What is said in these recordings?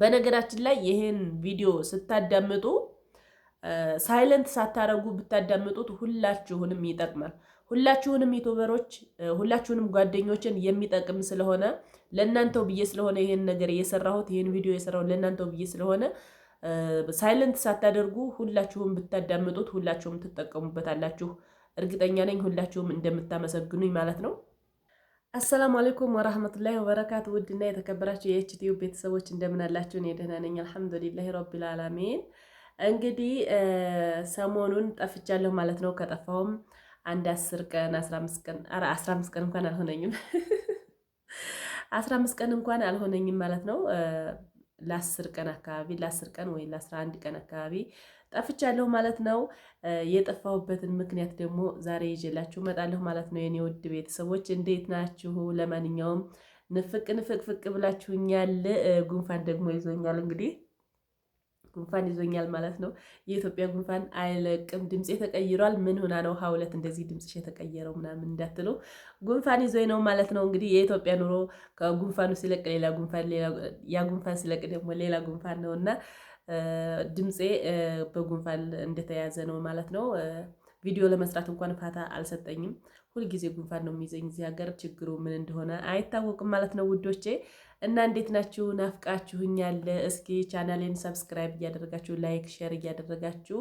በነገራችን ላይ ይህን ቪዲዮ ስታዳምጡ ሳይለንት ሳታረጉ ብታዳምጡት ሁላችሁንም ይጠቅማል። ሁላችሁንም ዩቱበሮች፣ ሁላችሁንም ጓደኞችን የሚጠቅም ስለሆነ ለእናንተው ብዬ ስለሆነ ይህን ነገር የሰራሁት ይህን ቪዲዮ የሰራሁት ለእናንተው ብዬ ስለሆነ ሳይለንት ሳታደርጉ ሁላችሁም ብታዳምጡት ሁላችሁም ትጠቀሙበታላችሁ። እርግጠኛ ነኝ ሁላችሁም እንደምታመሰግኑኝ ማለት ነው። አሰላሙ አሌይኩም ወራህመቱላሂ ወበረካቱ ውድና የተከበራችሁ የኤችቲዩ ቤተሰቦች እንደምን አላችሁ? እኔ ደህና ነኝ፣ አልሐምዱሊላሂ ረቢል አላሚን። እንግዲህ ሰሞኑን ጠፍቻለሁ ማለት ነው። ከጠፋሁም አንድ አስር ቀን አስራ አምስት ቀን ኧረ አስራ አምስት ቀን እንኳን አልሆነኝም አስራ አምስት ቀን እንኳን አልሆነኝም ማለት ነው። ለአስር ቀን አካባቢ ለአስር ቀን ወይ ለአስራ አንድ ቀን አካባቢ ጠፍቻለሁ ማለት ነው። የጠፋሁበትን ምክንያት ደግሞ ዛሬ ይዤላችሁ እመጣለሁ ማለት ነው። የኔ ውድ ቤተሰቦች እንዴት ናችሁ? ለማንኛውም ንፍቅ ንፍቅ ፍቅ ብላችሁኛል። ጉንፋን ደግሞ ይዞኛል እንግዲህ ጉንፋን ይዞኛል ማለት ነው። የኢትዮጵያ ጉንፋን አይለቅም። ድምፄ ተቀይሯል። ምን ሆና ነው ሀውለት እንደዚህ ድምፅሽ የተቀየረው ምናምን እንዳትሉ፣ ጉንፋን ይዞኝ ነው ማለት ነው። እንግዲህ የኢትዮጵያ ኑሮ ከጉንፋኑ ሲለቅ ሌላ ጉንፋን፣ ያ ጉንፋን ሲለቅ ደግሞ ሌላ ጉንፋን ነው እና ድምፄ በጉንፋን እንደተያዘ ነው ማለት ነው። ቪዲዮ ለመስራት እንኳን ፋታ አልሰጠኝም። ሁልጊዜ ጉንፋን ነው የሚይዘኝ። እዚህ ሀገር ችግሩ ምን እንደሆነ አይታወቅም ማለት ነው ውዶቼ። እና እንዴት ናችሁ? ናፍቃችሁኛል። እስኪ ቻናሌን ሰብስክራይብ እያደረጋችሁ ላይክ፣ ሼር እያደረጋችሁ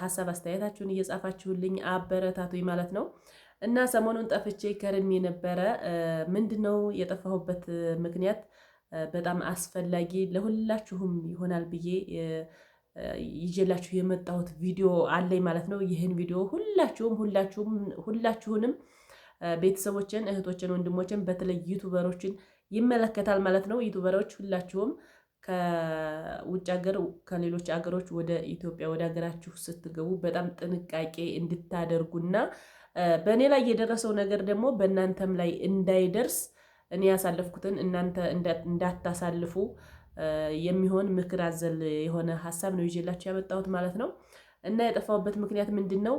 ሀሳብ አስተያየታችሁን እየጻፋችሁልኝ አበረታቱኝ ማለት ነው። እና ሰሞኑን ጠፍቼ ከርሜ ነበረ። ምንድን ነው የጠፋሁበት ምክንያት በጣም አስፈላጊ ለሁላችሁም ይሆናል ብዬ ይዤላችሁ የመጣሁት ቪዲዮ አለኝ ማለት ነው። ይህን ቪዲዮ ሁላችሁም ሁላችሁም ሁላችሁንም ቤተሰቦችን፣ እህቶችን፣ ወንድሞችን በተለይ ዩቱበሮችን ይመለከታል ማለት ነው። ዩቱበሮች ሁላችሁም ከውጭ ሀገር ከሌሎች ሀገሮች ወደ ኢትዮጵያ ወደ ሀገራችሁ ስትገቡ በጣም ጥንቃቄ እንድታደርጉና በእኔ ላይ የደረሰው ነገር ደግሞ በእናንተም ላይ እንዳይደርስ እኔ ያሳለፍኩትን እናንተ እንዳታሳልፉ የሚሆን ምክር አዘል የሆነ ሀሳብ ነው ይዤላችሁ ያመጣሁት ማለት ነው። እና የጠፋሁበት ምክንያት ምንድን ነው?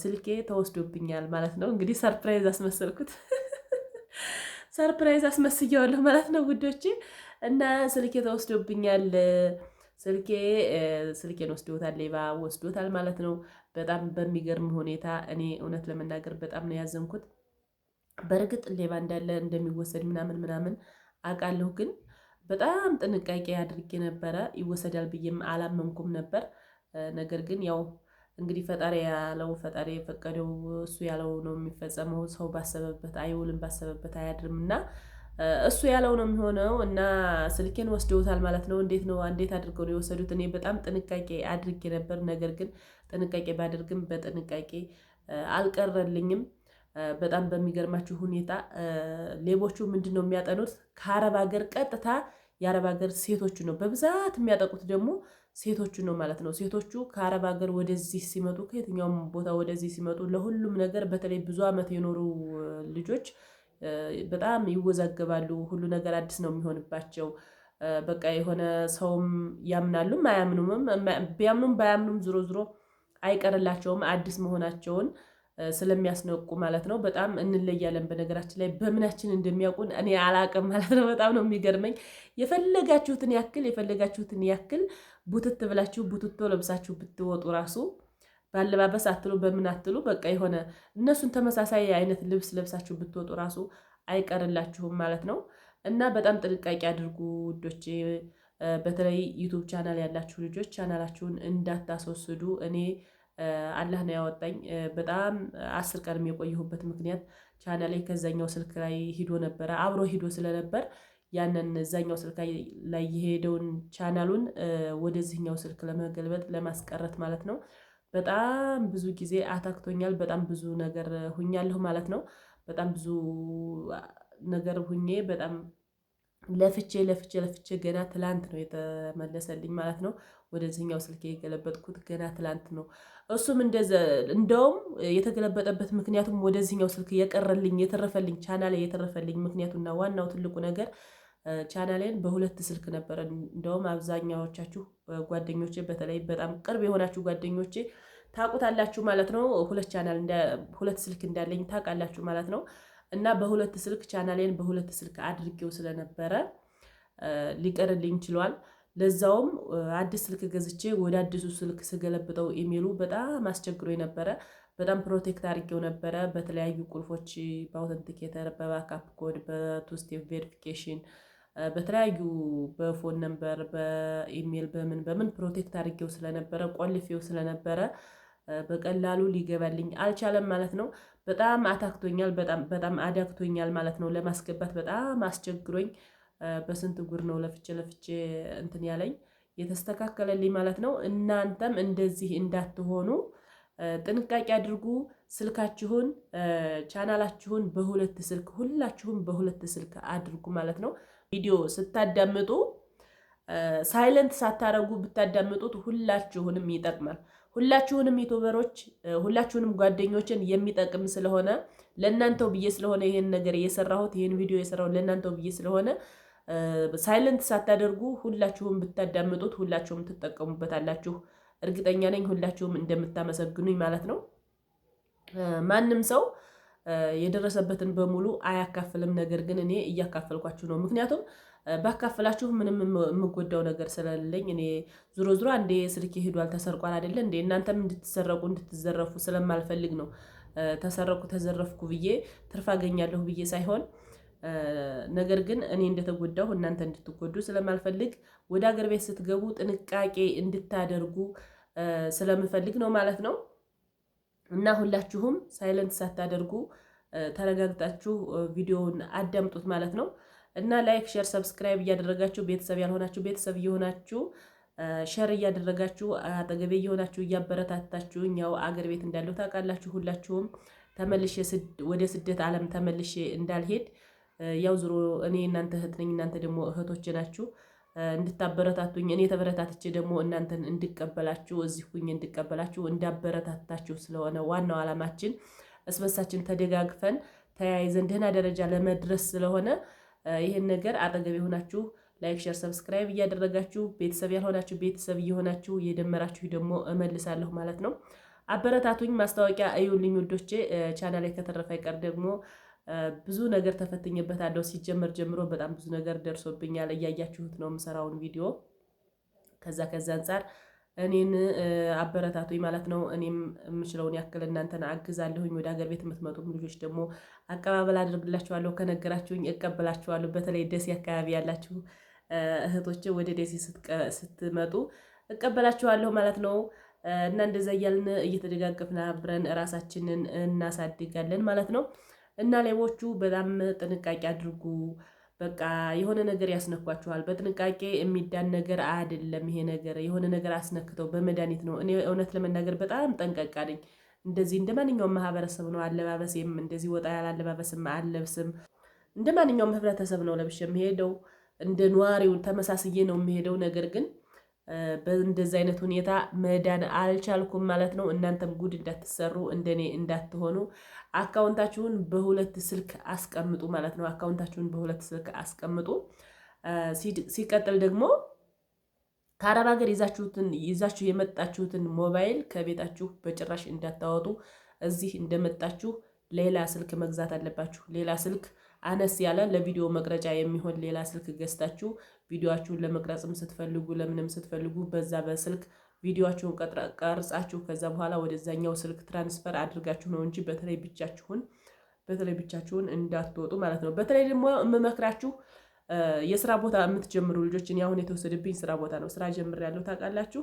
ስልኬ ተወስዶብኛል ማለት ነው። እንግዲህ ሰርፕራይዝ አስመሰልኩት። ሰርፕራይዝ አስመስያዋለሁ ማለት ነው ውዶቼ። እና ስልኬ ተወስዶብኛል። ስልኬ ስልኬን ወስዶታል፣ ሌባ ወስዶታል ማለት ነው። በጣም በሚገርም ሁኔታ እኔ እውነት ለመናገር በጣም ነው ያዘንኩት። በእርግጥ ሌባ እንዳለ እንደሚወሰድ ምናምን ምናምን አውቃለሁ፣ ግን በጣም ጥንቃቄ አድርጌ ነበረ። ይወሰዳል ብዬም አላመንኩም ነበር። ነገር ግን ያው እንግዲህ ፈጣሪ ያለው ፈጣሪ የፈቀደው እሱ ያለው ነው የሚፈጸመው። ሰው ባሰበበት አይውልም፣ ባሰበበት አያድርም እና እሱ ያለው ነው የሚሆነው እና ስልኬን ወስደውታል ማለት ነው። እንዴት ነው እንዴት አድርገው ነው የወሰዱት? እኔ በጣም ጥንቃቄ አድርጌ ነበር። ነገር ግን ጥንቃቄ ባደርግም በጥንቃቄ አልቀረልኝም። በጣም በሚገርማችሁ ሁኔታ ሌቦቹ ምንድን ነው የሚያጠኑት? ከአረብ ሀገር ቀጥታ የአረብ ሀገር ሴቶች ነው በብዛት የሚያጠቁት ደግሞ ሴቶቹ ነው ማለት ነው። ሴቶቹ ከአረብ ሀገር ወደዚህ ሲመጡ ከየትኛውም ቦታ ወደዚህ ሲመጡ ለሁሉም ነገር በተለይ ብዙ ዓመት የኖሩ ልጆች በጣም ይወዛገባሉ። ሁሉ ነገር አዲስ ነው የሚሆንባቸው። በቃ የሆነ ሰውም ያምናሉም አያምኑምም ቢያምኑም ባያምኑም ዝሮ ዝሮ አይቀርላቸውም አዲስ መሆናቸውን ስለሚያስነቁ ማለት ነው። በጣም እንለያለን። በነገራችን ላይ በምናችን እንደሚያውቁን እኔ አላቅም ማለት ነው። በጣም ነው የሚገርመኝ። የፈለጋችሁትን ያክል የፈለጋችሁትን ያክል ቡትት ብላችሁ ቡትቶ ለብሳችሁ ብትወጡ ራሱ ባለባበስ አትሉ በምን አትሉ በቃ የሆነ እነሱን ተመሳሳይ አይነት ልብስ ለብሳችሁ ብትወጡ ራሱ አይቀርላችሁም ማለት ነው። እና በጣም ጥንቃቄ አድርጉ ውዶቼ። በተለይ ዩቱብ ቻናል ያላችሁ ልጆች ቻናላችሁን እንዳታስወስዱ እኔ አላህ ነው ያወጣኝ። በጣም አስር ቀንም የቆየሁበት ምክንያት ቻና ላይ ከዛኛው ስልክ ላይ ሂዶ ነበረ አብሮ ሂዶ ስለነበር ያንን እዛኛው ስልክ ላይ የሄደውን ቻናሉን ወደዚህኛው ስልክ ለመገልበጥ ለማስቀረት ማለት ነው። በጣም ብዙ ጊዜ አታክቶኛል። በጣም ብዙ ነገር ሁኛለሁ ማለት ነው። በጣም ብዙ ነገር ሁኜ በጣም ለፍቼ ለፍቼ ለፍቼ ገና ትላንት ነው የተመለሰልኝ ማለት ነው። ወደዚህኛው ስልክ የገለበጥኩት ገና ትላንት ነው። እሱም እንደውም የተገለበጠበት ምክንያቱም ወደዚህኛው ስልክ የቀረልኝ የተረፈልኝ ቻናሌ የተረፈልኝ ምክንያቱና ዋናው ትልቁ ነገር ቻናሌን በሁለት ስልክ ነበረ። እንደውም አብዛኛዎቻችሁ ጓደኞቼ በተለይ በጣም ቅርብ የሆናችሁ ጓደኞቼ ታውቁታላችሁ ማለት ነው። ሁለት ቻናል ሁለት ስልክ እንዳለኝ ታውቃላችሁ ማለት ነው። እና በሁለት ስልክ ቻናሌን በሁለት ስልክ አድርጌው ስለነበረ ሊቀርልኝ ችሏል። ለዛውም አዲስ ስልክ ገዝቼ ወደ አዲሱ ስልክ ስገለብጠው ኢሜሉ በጣም አስቸግሮ ነበረ። በጣም ፕሮቴክት አድርጌው ነበረ በተለያዩ ቁልፎች በአውተንቲኬተር፣ በባካፕ ኮድ፣ በቱስቴ ቬሪፊኬሽን፣ በተለያዩ በፎን ነምበር፣ በኢሜል በምን በምን ፕሮቴክት አድርጌው ስለነበረ ቆልፌው ስለነበረ በቀላሉ ሊገባልኝ አልቻለም ማለት ነው። በጣም አታክቶኛል፣ በጣም አዳክቶኛል አዳግቶኛል ማለት ነው። ለማስገባት በጣም አስቸግሮኝ በስንት ጉር ነው ለፍቼ ለፍቼ እንትን ያለኝ የተስተካከለልኝ ማለት ነው። እናንተም እንደዚህ እንዳትሆኑ ጥንቃቄ አድርጉ። ስልካችሁን ቻናላችሁን በሁለት ስልክ ሁላችሁም በሁለት ስልክ አድርጉ ማለት ነው። ቪዲዮ ስታዳምጡ ሳይለንት ሳታረጉ ብታዳምጡት ሁላችሁንም ይጠቅማል። ሁላችሁንም ዩቱበሮች፣ ሁላችሁንም ጓደኞችን የሚጠቅም ስለሆነ ለእናንተው ብዬ ስለሆነ ይህን ነገር የሰራሁት ይህን ቪዲዮ የሰራሁት ለእናንተው ብዬ ስለሆነ ሳይለንት ሳታደርጉ ሁላችሁም ብታዳምጡት ሁላችሁም ትጠቀሙበታላችሁ። እርግጠኛ ነኝ ሁላችሁም እንደምታመሰግኑኝ ማለት ነው። ማንም ሰው የደረሰበትን በሙሉ አያካፍልም። ነገር ግን እኔ እያካፈልኳችሁ ነው። ምክንያቱም ባካፍላችሁ ምንም የምጎዳው ነገር ስለሌለኝ እኔ ዙሮ ዙሮ አንዴ ስልክ ሄዷል ተሰርቋል አይደለ እንደ እናንተም እንድትሰረቁ እንድትዘረፉ ስለማልፈልግ ነው። ተሰረቁ ተዘረፍኩ ብዬ ትርፍ አገኛለሁ ብዬ ሳይሆን ነገር ግን እኔ እንደተጎዳሁ እናንተ እንድትጎዱ ስለማልፈልግ ወደ አገር ቤት ስትገቡ ጥንቃቄ እንድታደርጉ ስለምፈልግ ነው ማለት ነው። እና ሁላችሁም ሳይለንት ሳታደርጉ ተረጋግጣችሁ ቪዲዮውን አዳምጡት ማለት ነው። እና ላይክ፣ ሼር፣ ሰብስክራይብ እያደረጋችሁ ቤተሰብ ያልሆናችሁ ቤተሰብ እየሆናችሁ ሸር እያደረጋችሁ አጠገቤ እየሆናችሁ እያበረታታችሁ ያው አገር ቤት እንዳለሁ ታውቃላችሁ። ሁላችሁም ተመልሼ ወደ ስደት ዓለም ተመልሼ እንዳልሄድ ያው ዝሮ እኔ እናንተ እህት ነኝ፣ እናንተ ደግሞ እህቶች ናችሁ። እንድታበረታቱኝ እኔ ተበረታትቼ ደግሞ እናንተን እንድቀበላችሁ እዚህ ሁኝ እንድቀበላችሁ እንዳበረታታችሁ ስለሆነ ዋናው ዓላማችን እስበሳችን ተደጋግፈን ተያይዘን ደህና ደረጃ ለመድረስ ስለሆነ ይህን ነገር አጠገብ የሆናችሁ ላይክ፣ ሸር ሰብስክራይብ እያደረጋችሁ ቤተሰብ ያልሆናችሁ ቤተሰብ እየሆናችሁ እየደመራችሁ ደግሞ እመልሳለሁ ማለት ነው። አበረታቱኝ። ማስታወቂያ እዩልኝ ውዶቼ። ቻናል ላይ ከተረፈ አይቀር ደግሞ ብዙ ነገር ተፈትኝበታለሁ። ሲጀመር ጀምሮ በጣም ብዙ ነገር ደርሶብኛል። እያያችሁት ነው የምሰራውን ቪዲዮ። ከዛ ከዛ አንጻር እኔን አበረታቱኝ ማለት ነው። እኔም የምችለውን ያክል እናንተን አግዛለሁኝ። ወደ ሀገር ቤት የምትመጡም ልጆች ደግሞ አቀባበል አድርግላችኋለሁ። ከነገራችሁኝ እቀበላችኋለሁ። በተለይ ደሴ አካባቢ ያላችሁ እህቶች ወደ ደሴ ስትመጡ እቀበላችኋለሁ ማለት ነው። እና እንደዛ እያልን እየተደጋገፍን አብረን ራሳችንን እናሳድጋለን ማለት ነው። እና ሌቦቹ በጣም ጥንቃቄ አድርጉ። በቃ የሆነ ነገር ያስነኳችኋል። በጥንቃቄ የሚዳን ነገር አይደለም። ይሄ ነገር የሆነ ነገር አስነክተው በመድኃኒት ነው። እኔ እውነት ለመናገር በጣም ጠንቀቃ ነኝ። እንደዚህ እንደ ማንኛውም ማህበረሰብ ነው አለባበሴም። እንደዚህ ወጣ ያለ አለባበስም አለብስም። እንደ ማንኛውም ህብረተሰብ ነው ለብሼ የምሄደው። እንደ ነዋሪው ተመሳስዬ ነው የምሄደው ነገር ግን በእንደዚህ አይነት ሁኔታ መዳን አልቻልኩም ማለት ነው። እናንተም ጉድ እንዳትሰሩ እንደኔ እንዳትሆኑ አካውንታችሁን በሁለት ስልክ አስቀምጡ ማለት ነው። አካውንታችሁን በሁለት ስልክ አስቀምጡ። ሲቀጥል ደግሞ ከአረብ ሀገር ይዛችሁትን ይዛችሁ የመጣችሁትን ሞባይል ከቤታችሁ በጭራሽ እንዳታወጡ። እዚህ እንደመጣችሁ ሌላ ስልክ መግዛት አለባችሁ። ሌላ ስልክ አነስ ያለ ለቪዲዮ መቅረጫ የሚሆን ሌላ ስልክ ገዝታችሁ ቪዲዮችሁን ለመቅረጽም ስትፈልጉ ለምንም ስትፈልጉ በዛ በስልክ ቪዲዮችሁን ቀርጻችሁ ከዛ በኋላ ወደዛኛው ስልክ ትራንስፈር አድርጋችሁ ነው እንጂ በተለይ ብቻችሁን በተለይ ብቻችሁን እንዳትወጡ ማለት ነው። በተለይ ደግሞ የምመክራችሁ የስራ ቦታ የምትጀምሩ ልጆች፣ እኔ አሁን የተወሰደብኝ ስራ ቦታ ነው። ስራ ያለው ታውቃላችሁ።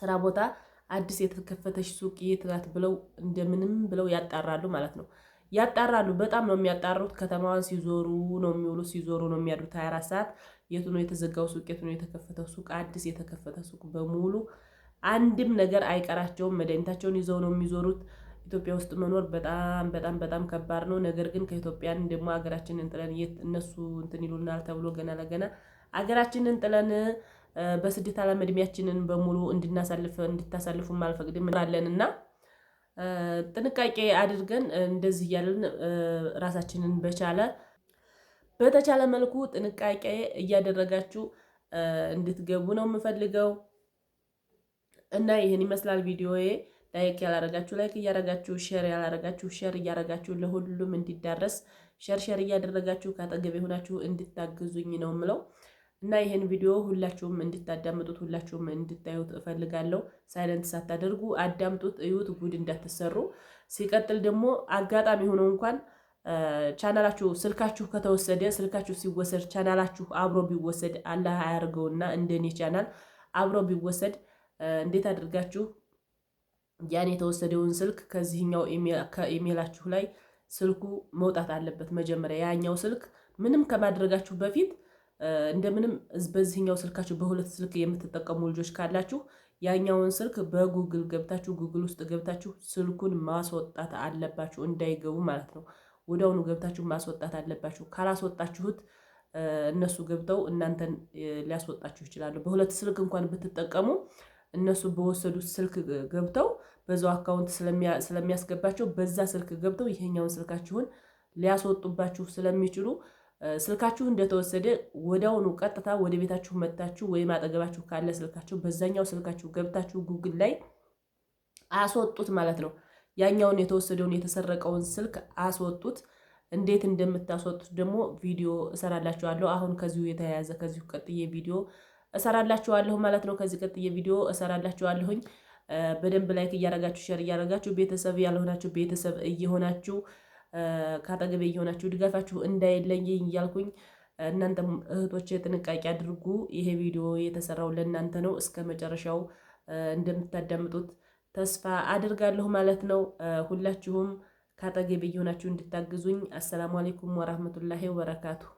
ስራ ቦታ አዲስ የተከፈተች ሱቅ የት ናት ብለው እንደምንም ብለው ያጣራሉ ማለት ነው። ያጣራሉ። በጣም ነው የሚያጣሩት። ከተማዋን ሲዞሩ ነው የሚውሉ፣ ሲዞሩ ነው የሚያድሩት 24 ሰዓት። የቱ ነው የተዘጋው ሱቅ፣ የቱ ነው የተከፈተው ሱቅ፣ አዲስ የተከፈተ ሱቅ በሙሉ አንድም ነገር አይቀራቸውም። መድኃኒታቸውን ይዘው ነው የሚዞሩት። ኢትዮጵያ ውስጥ መኖር በጣም በጣም በጣም ከባድ ነው። ነገር ግን ከኢትዮጵያን ደግሞ ሀገራችንን ጥለን የት እነሱ እንትን ይሉናል ተብሎ ገና ለገና ሀገራችንን ጥለን በስደት ዓለም እድሜያችንን በሙሉ እንድናሳልፍ እንድታሳልፉ አልፈቅድም አለን እና ጥንቃቄ አድርገን እንደዚህ እያለን ራሳችንን በቻለ በተቻለ መልኩ ጥንቃቄ እያደረጋችሁ እንድትገቡ ነው የምፈልገው እና ይህን ይመስላል ቪዲዮ ላይክ ያላረጋችሁ ላይክ እያረጋችሁ፣ ሼር ያላረጋችሁ ሼር እያረጋችሁ ለሁሉም እንዲዳረስ ሸርሸር እያደረጋችሁ ከአጠገብ የሆናችሁ እንድታግዙኝ ነው ምለው። እና ይህን ቪዲዮ ሁላችሁም እንድታዳምጡት ሁላችሁም እንድታዩት እፈልጋለሁ። ሳይለንት ሳታደርጉ አዳምጡት፣ እዩት፣ ጉድ እንዳትሰሩ። ሲቀጥል ደግሞ አጋጣሚ ሆኖ እንኳን ቻናላችሁ ስልካችሁ ከተወሰደ ስልካችሁ ሲወሰድ ቻናላችሁ አብሮ ቢወሰድ አላህ አያርገውና እንደኔ ቻናል አብሮ ቢወሰድ እንዴት አድርጋችሁ ያን የተወሰደውን ስልክ ከዚህኛው ከኢሜላችሁ ላይ ስልኩ መውጣት አለበት። መጀመሪያ ያኛው ስልክ ምንም ከማድረጋችሁ በፊት እንደምንም በዚህኛው ስልካችሁ በሁለት ስልክ የምትጠቀሙ ልጆች ካላችሁ ያኛውን ስልክ በጉግል ገብታችሁ ጉግል ውስጥ ገብታችሁ ስልኩን ማስወጣት አለባችሁ፣ እንዳይገቡ ማለት ነው። ወዲያውኑ ገብታችሁ ማስወጣት አለባችሁ። ካላስወጣችሁት እነሱ ገብተው እናንተን ሊያስወጣችሁ ይችላሉ። በሁለት ስልክ እንኳን ብትጠቀሙ እነሱ በወሰዱት ስልክ ገብተው በዛው አካውንት ስለሚያስገባቸው በዛ ስልክ ገብተው ይሄኛውን ስልካችሁን ሊያስወጡባችሁ ስለሚችሉ ስልካችሁ እንደተወሰደ ወዲያውኑ ቀጥታ ወደ ቤታችሁ መታችሁ ወይም አጠገባችሁ ካለ ስልካችሁ በዛኛው ስልካችሁ ገብታችሁ ጉግል ላይ አስወጡት ማለት ነው። ያኛውን የተወሰደውን የተሰረቀውን ስልክ አስወጡት። እንዴት እንደምታስወጡት ደግሞ ቪዲዮ እሰራላችኋለሁ። አሁን ከዚሁ የተያያዘ ከዚሁ ቀጥዬ ቪዲዮ እሰራላችኋለሁ ማለት ነው። ከዚህ ቀጥዬ ቪዲዮ እሰራላችኋለሁኝ። በደንብ ላይክ እያረጋችሁ ሸር እያረጋችሁ ቤተሰብ ያልሆናችሁ ቤተሰብ እየሆናችሁ ከአጠገቤ እየሆናችሁ ድጋፋችሁ እንዳይለኝ እያልኩኝ እናንተ እህቶች ጥንቃቄ አድርጉ። ይሄ ቪዲዮ የተሰራው ለእናንተ ነው። እስከ መጨረሻው እንደምታዳምጡት ተስፋ አድርጋለሁ ማለት ነው። ሁላችሁም ከአጠገቤ እየሆናችሁ እንድታግዙኝ። አሰላሙ አሌይኩም ወራህመቱላሂ ወበረካቱሁ።